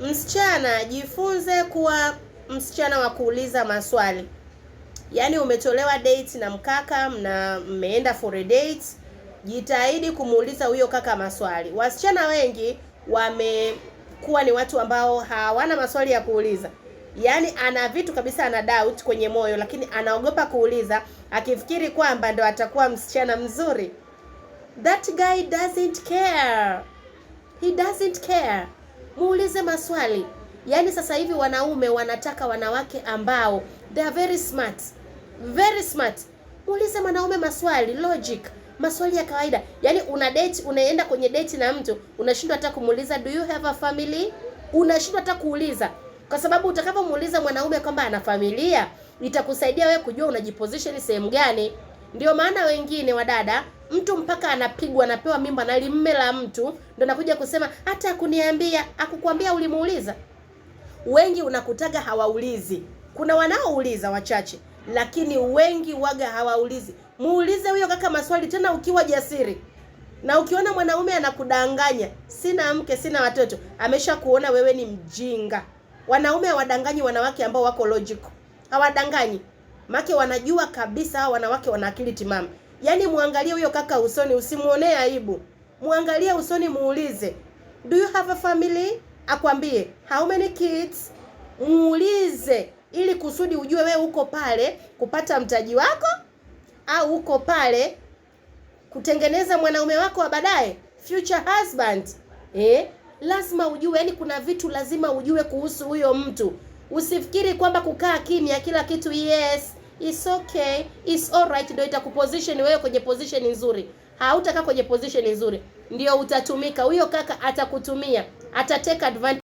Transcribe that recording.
Msichana, jifunze kuwa msichana wa kuuliza maswali. Yaani umetolewa date na mkaka na mmeenda for a date, jitahidi kumuuliza huyo kaka maswali. Wasichana wengi wamekuwa ni watu ambao hawana maswali ya kuuliza. Yaani ana vitu kabisa, ana doubt kwenye moyo, lakini anaogopa kuuliza, akifikiri kwamba ndo atakuwa msichana mzuri. That guy doesn't care, he doesn't care muulize maswali. Yaani sasa hivi wanaume wanataka wanawake ambao they are very smart, very smart. Muulize mwanaume maswali logic, maswali ya kawaida. Yaani una date, unaenda kwenye date na mtu unashindwa hata kumuuliza do you have a family, unashindwa hata kuuliza kwa sababu utakapomuuliza mwanaume kwamba ana familia itakusaidia wewe kujua unajiposition sehemu gani. Ndio maana wengine wadada mtu mpaka anapigwa anapewa mimba na limme la mtu ndo nakuja kusema hata akuniambia akukwambia ulimuuliza. Wengi unakutaga hawaulizi, kuna wanaouliza wachache, lakini wengi waga hawaulizi. Muulize huyo kaka maswali, tena ukiwa jasiri na ukiona mwanaume anakudanganya, sina mke, sina watoto, amesha kuona wewe ni mjinga. Wanaume hawadanganyi wanawake ambao wako logical, hawadanganyi make wanajua kabisa hao wanawake wana akili timamu. Yaani muangalie huyo kaka usoni, usimuonee aibu. Muangalie usoni, muulize do you have a family, akwambie how many kids. Muulize ili kusudi ujue we uko pale kupata mtaji wako au uko pale kutengeneza mwanaume wako wa baadaye, future husband eh? Lazima ujue, yani kuna vitu lazima ujue kuhusu huyo mtu. Usifikiri kwamba kukaa kimya kila kitu yes It's okay, it's alright ndio itakuposition wewe kwenye position nzuri. Hautakaa kwenye position nzuri, ndio utatumika. Huyo kaka atakutumia, atateka advantage.